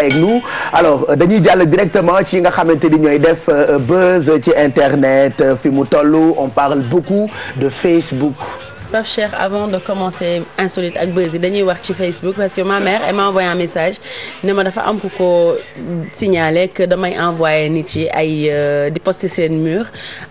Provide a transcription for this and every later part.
avec nous alors euh, dañuy jàll directement ci nga xamante ni ñooy def euh, buzz ci internet euh, fi mu toll on parle beaucoup de Facebook Pape Cheikh avant de commencer insolite ak buzz yi dañuy wax ci Facebook parce que ma mère elle m'a envoyé un message ne ma dafa am ku ko signaler que damay envoyer nit yi ay euh, di poster seen mur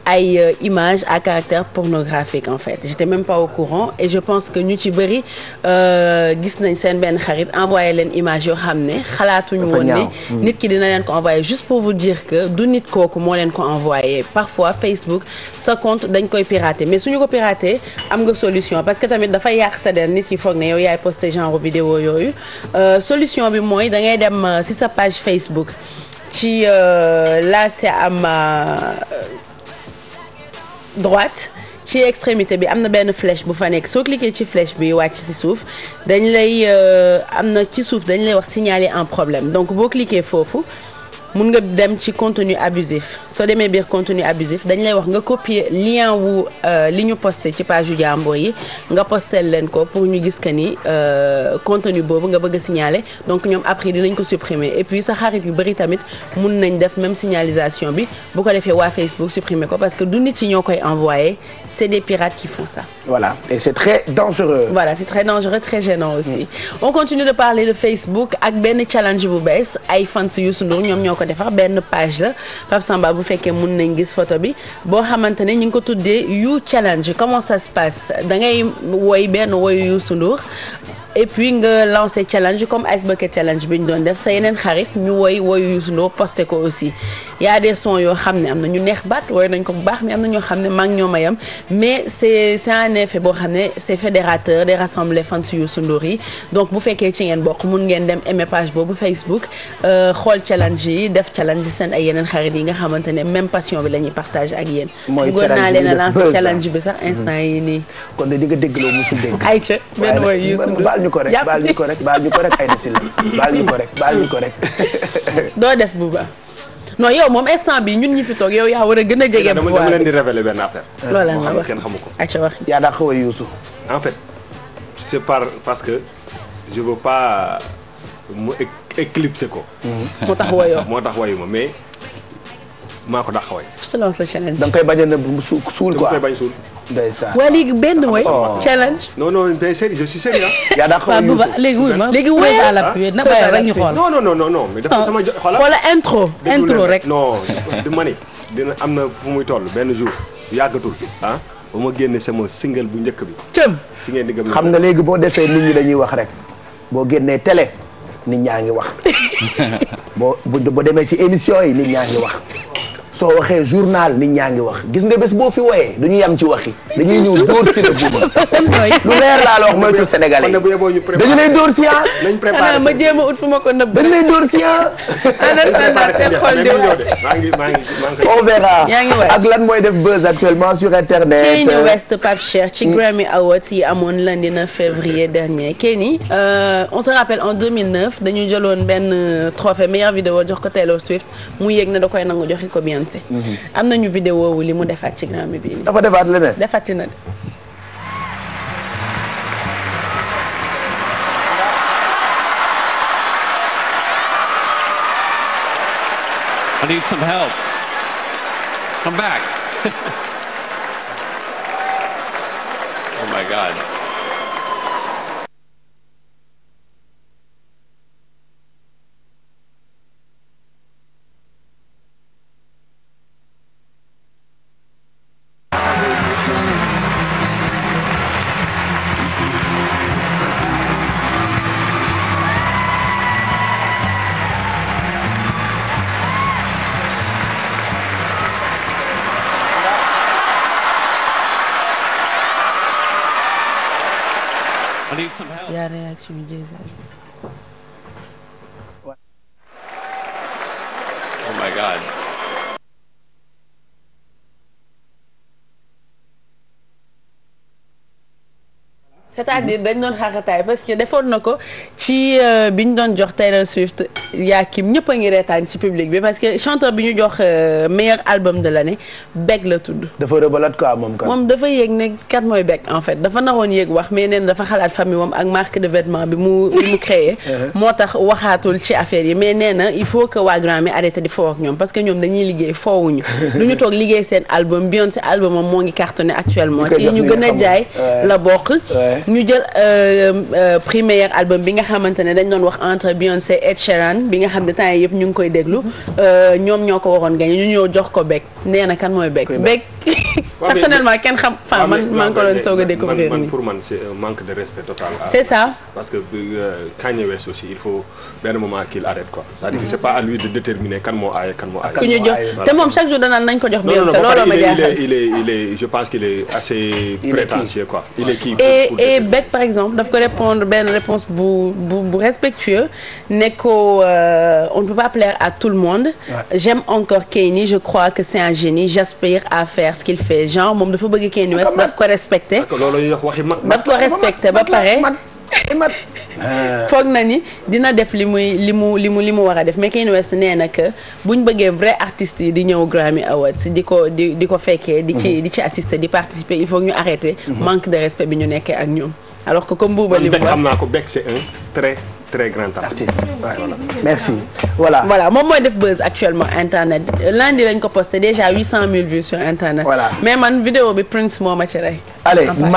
ay euh, image à caractère pornographique en fait j'étais même pas au courant et je pense que ñu ci bëri euh, gis nañ seen benn xarit envoyer leen image yoo xam ne xalaatuñu woon hmm. nit ki dina leen ko envoyer juste pour vous dire que du nit kooku moo leen ko envoyer parfois Facebook sa compte dañ ko pirater am solution parce que tamit dafa yàq sa der nit yi foog ne yow yaay posté genre vidéo yooyu euh, solution bi mooy da ngay dem euh, si sa page Facebook ci euh, la c'est am droite ci extrémité bi am na benn flèche bu fa nekk soo cliquer ci flèche bi wàcc ci suuf dañ lay am na ci suuf dañ lay wax signaler un problème donc boo cliquer foofu mun nga dem ci contenu abusif soo demee biir contenu abusif dañ lay wax nga copier lien wu euh, li ñu posté ci pa yu jàmboo yi nga poste leen ko pour ñu gis que ni euh, contenu boobu nga bëgg a signaler donc ñoom après dinañ ko supprimer et sa xarit yu bëri tamit mun nañ def même signalisation bi bu ko defee wa Facebook supprimer ko parce que du nit yi ñoo koy envoyé c'est des pirates qui font ça. voilà et c'est très dangereux. voilà c'est très dangereux très gênant aussi. Mmh. on continue de parler de Facebook ñoo ko defar benn page la Pape Samba bu fekkee mun nañ gis photo bi boo xamante ne ñu ngi ko tuddee You Challenge comment sa se passe da ngay woy benn woyu Youssou Ndour et puis nga lancé challenge comme Ice Bucket challenge bi ñu doon def sa yeneen xarit ñu woy woyu Youssou Ndour posté aussi y a des sons yoo xam ne am na ñu neex baat woy nañ ko bu baax mais am na ñoo xam ne maa ngi ñoo mayam mais c'est c'est un effet boo xam ne c'est fédérateur des rassemblés fans Youssou Ndour yi donc bu fekkee ci ngeen bokk mun ngeen dem aimer page boobu Facebook euh, xool challenge yi def challenge seen ay yeneen xarit yi nga xamante ne même passion bi la ñuy partage ak yéen. mooy challenge bi def naa leen a lancé challenge bi sax kon de di nga dégg loo musul baal ñu ko rek ko rek baal ñu ko rek ko rek baal doo def bu baax non yow moom instant bi ñun ñi fi toog yow yaa war a gën a jege. bu dama leen di révéler benn affaire. loola nga wax kenn xamu ko. acca wax yaa daa xaw a yuusu. en fait c'est par parce que je veux pas mu éclipser ko. Mm-hmm. moo tax woyoo moo tax woyu ma mais maa ko dàq way. je te lance le challenge. da nga koy bañ a nëbb suul ko da nga koy suul. ndeysaan waaw léegi benn way oh. challenge. non non mais sérieux je suis yaa daa xaw a yuufu léegi wuy ma léegi wuy à na bàyyi rek ñu xool. non non non non mais dafa sama xoolal. wala intro intro rek. non ma ne dina am na fu muy toll benn jour yàggatul ah. ba ma génne sama single bu njëkk bi. cëm si ngeen di gëm xam nga léegi boo defee nit ñi dañuy wax rek boo génnee télé nit ñaa ngi wax boo bu demee ci émission yi nit ñaa ngi wax. soo waxee journal nit ñaa ngi wax gis nga bés boo fi wooyee du ñu yam ci waxi dañuy ñëw dóor si la buuba lu leer laa la wax moytu sénégalais dañu lay dóor si ah xanaa ma jéem a ut fu ma ko nëbb dañu lay door si ah seen xol di on ak lan mooy def buzz actuellement sur internet Kanye West Pape Cheikh ci Grammy Awards yi amoon lundi 9 février dernier Kanye euh, on se rappelle en 2009 dañu jëloon benn euh, trophée meilleure vidéo jox ko Taylor Swift mu yéeg ne da koy nangu joxe ko bien si. am nañu vidéo wu li mu defaat ci Grammy bi. dafa defaat leneen defati na de. I need some help. Come back. oh my God. I need some help. Yeah, réaction Jason. Oh my God. c'est-à-dire dañ doon xaxataay parce que defoon na ko ci euh, bi ñu doon jox Taylor Swift yaa kim ñëpp a ngi reetaan ci public bi parce que chanteur bi ñu jox euh, meilleur album de l'année Beck la tudd. dafa rëbalat moom dafa yéeg ne kat mooy Beck en fait dafa naroon yéeg wax mais nee na dafa xalaat famille moom ak marque de vêtement bi mu bi mu créé. Uh-huh. moo tax waxaatul ci affaire yi mais nee na il faut que waa grand mi arrêté di foo ak ñoom parce que ñoom dañuy liggéey foowuñu lu ñu toog liggéey seen album Beyoncé album moom moo ngi cartonné actuellement. ci ñu gën jaay la bokk. ñu jël euh, euh, première album bi nga xamante ne dañ doon wax entre Beyoncé et Sharon bi nga xam ne temps yëpp ñu ngi koy déglu euh, ñoom ñoo ko waroon gagné ñu ñëw jox ko Beck nee na kan mooy Beck Beck personnellement kenn xam faa man maa ngi c'est ça parce que Kanye euh, aussi il faut benn moment qu'il arrête que c'est pas à lui de déterminer kan moo aaye kan moo aaye. chaque jour danaan nañ ko jox. bien est prétentieux quoi. kii et par exemple daf ko répondre benn réponse bu respectueux ne ko euh, on ne peut plaire à tout le monde. j'aime encore Kanye je crois que c'est un génie j'aspire à faire ce qu'il moom dafa bëgg kenn wees daf ko respecté daf ko respecté ba pare foog na ni dina def li muy li mu li mu li mu war a def mais Kanye West nee na bu ñu bëggee vrai artistes yi di ñëw Grammy Awards di ko di di ko fekkee di ci mhm. di ci assister di participer il faut ñu arrêter mhm. manque de respect bi ñu nekkee ak ñoom alors que comme buuba li mu wax très grand artiste. voilà merci voilà. voilà moom mooy def buzz actuellement internet lundi lañ ko posté déjà 800000 vues sur internet. voilà mais man vidéo bi Prince moo ma ci rey. allez man.